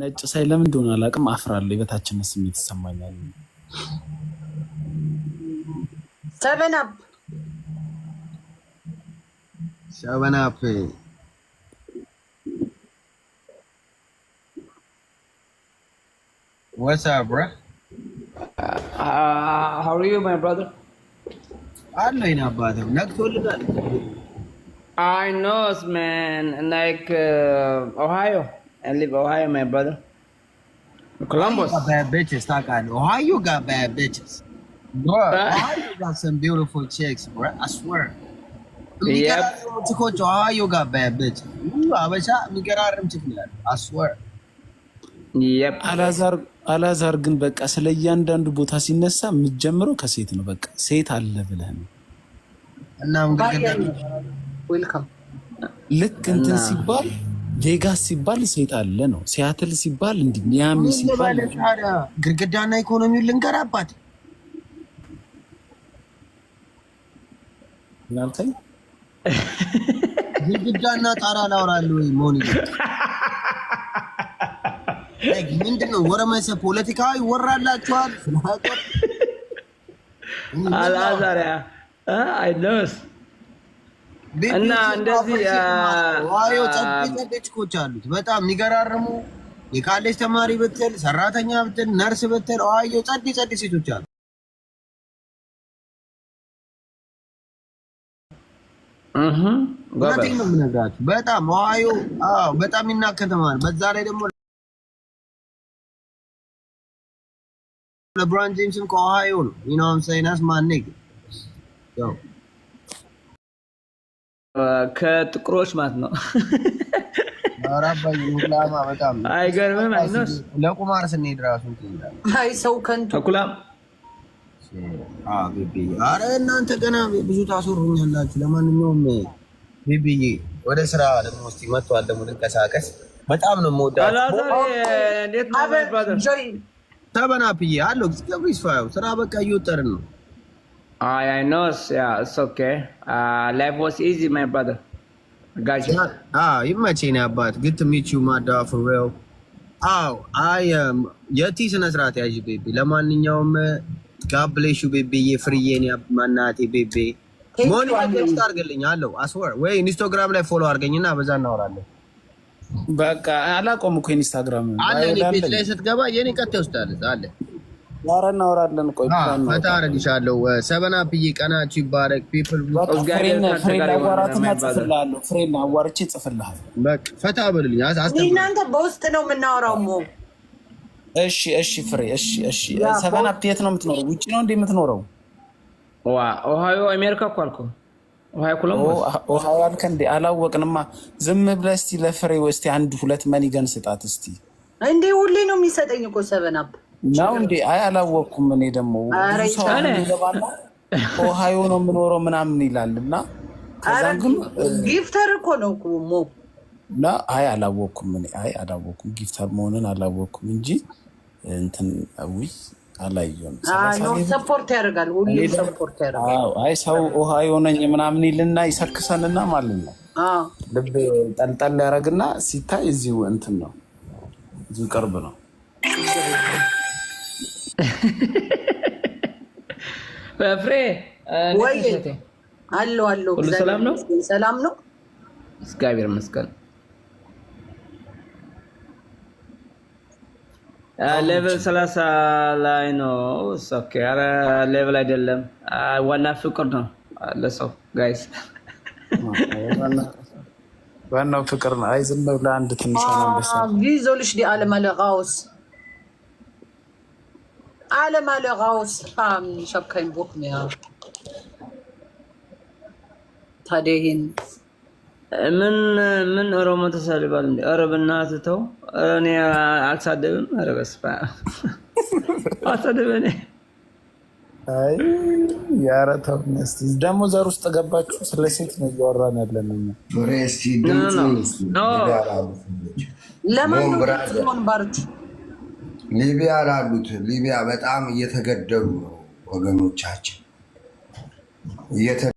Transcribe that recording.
ነጭ ሳይ ለምን እንደሆነ አላውቅም፣ አፍራለሁ። የበታችነት ስሜት ይሰማኛል። ሰቨን አፕ ሰቨን አፕ What's up, bro? Uh, uh, how are you, my brother? ነግቶልናል። I knows man like uh, Ohio and leave Ohio, my brother. Columbus. Ohio got bad bitches, like I Ohio got bad bitches. Bro, Ohio got some beautiful chicks, bro. I swear. Yep. Ohio got bad bitches. I swear. Yep. አላዛር አላዛር ግን በቃ ስለ እያንዳንዱ ቦታ ሲነሳ የምትጀምረው ከሴት ነው። በቃ ሴት አለ ብለህ ነው እና ልክ እንትን ሲባል ቬጋስ ሲባል ሴት አለ ነው። ሲያትል ሲባል እንዲ ሚያሚ ሲባል ግድግዳና ኢኮኖሚውን ልንገራባት ምናልከኝ ግድግዳና ጣራ ላውራለሁ ወይ መሆን ምንድን ነው? ወረመሰ ፖለቲካ ይወራላችኋል። አላዛሪያ አይነስ እና እንደዚህ ዋዮ ጨብጨቤች ኮች አሉት በጣም የሚገራርሙ የካሌጅ ተማሪ ብትል ሰራተኛ ብትል ነርስ ብትል ዋዮ ጸድ ጸድ ሴቶች አሉ። እውነቴን ነው የምነግራችሁ። በጣም ዋዮ በጣም ይናከተማል። በዛ ላይ ደግሞ ለብራን ጄምስም ከኦሃዮ ነው። ይናውም ሳይናስ ያው ከጥቁሮች ማለት ነው። አይገርምም? ለቁማር ስንሄድ ራሱ ሰው ከንቱ አረ እናንተ ገና ብዙ ታስሩኛላችሁ። ለማንኛውም ቤቢዬ ወደ ስራ ደግሞ እስኪ መጥቷል ደግሞ ልንቀሳቀስ። በጣም ነው የምወዳችሁ ተበናብዬ አለው ስራ በቃ እየወጠርን ነው I, I know, yeah, it's okay. Uh, life was easy, my brother. Got you. Yeah. Ah, you might say that, but good to meet you, my dog, for real. አው አይ የቲ ስነ ስርዓት ያዥ ቤቤ። ለማንኛውም ጋብሌሹ ቤቤዬ፣ ፍርዬን ማናቴ ቤቤ ሞኒ አድርግልኝ አለው አስወር ወይ ኢንስታግራም ላይ ፎሎ አድርገኝና በዛ እናወራለን። በቃ አላቆም እኮ ኢንስታግራም አለ ፔጅ ላይ ስትገባ የኔ ቀጥ ይወስዳል አለ ኧረ እናወራለን። ቆይ ፈታ አደርግሻለሁ። ሰበን አፕዬ ቀናችሁ ይባረክ። ፒፕል ፍሬን አዋርቼ እጽፍልሃለሁ። ፈታ በሉልኝ። እናንተ በውስጥ ነው የምናወራው። እሺ፣ እሺ፣ ፍሬ እሺ፣ እሺ። ሰበን የት ነው የምትኖረው? ውጭ ነው እንደ የምትኖረው? ኦሃዮ አሜሪካ እኮ አልኩህ። ኦሃዮ አልከህ እንዴ? አላወቅንማ። ዝም ብለህ እስኪ ለፍሬ እስኪ አንድ ሁለት መኒገን ስጣት እስኪ። እንዴ ሁሌ ነው የሚሰጠኝ እኮ ነው እንዴ? አይ አላወቅኩም። እኔ ደግሞ ሰውባና ኦሃዮ ነው የምኖረው ምናምን ይላል እና ጊፍተር እኮ ነው ሞ እና አይ አላወቅኩም። እኔ አይ አላወቅኩም፣ ጊፍተር መሆንን አላወቅኩም እንጂ እንትን ውይ አላየሁም። ሰፖርት ያደርጋል። አይ ሰው ኦሃዮ ነኝ ምናምን ይልና ይሰክሰንና ማለት ነው ልብ ጠልጠል ያደርግና ሲታይ እዚሁ እንትን ነው እዚሁ ቅርብ ነው። ፍሬ ወይ አለው አለው። ሁሉ ሰላም ነው፣ ሰላም ነው። እግዚአብሔር ይመስገን። ሌቭል ሰላሳ ላይ ነው። ኧረ ሌቭል አይደለም፣ ዋና ፍቅር ነው ለሰው ጋይስ፣ ዋናው ፍቅር ነው። አይ ዝም ብለህ አንድ ትንሽ ነው ቪዞልሽ ዲ አለም alle la malheureuse ich habe keinen Bock mehr. ታዲያ ይሄን äh, ምን äh, ምን ኦሮሞ ተሳድባል እንዴ? ኧረ በእናትህ ተው። ኧረ እኔ አልሳደብም። ኧረ በስመ አብ አልሳደብ እኔ አይ ኧረ ተው እስኪ ደግሞ ዘር ውስጥ ገባችሁ። ስለ ሴት ነው እያወራን ያለን ለማን ነው ሆን ባርች ሊቢያ ላሉት ሊቢያ በጣም እየተገደሉ ነው ወገኖቻችን።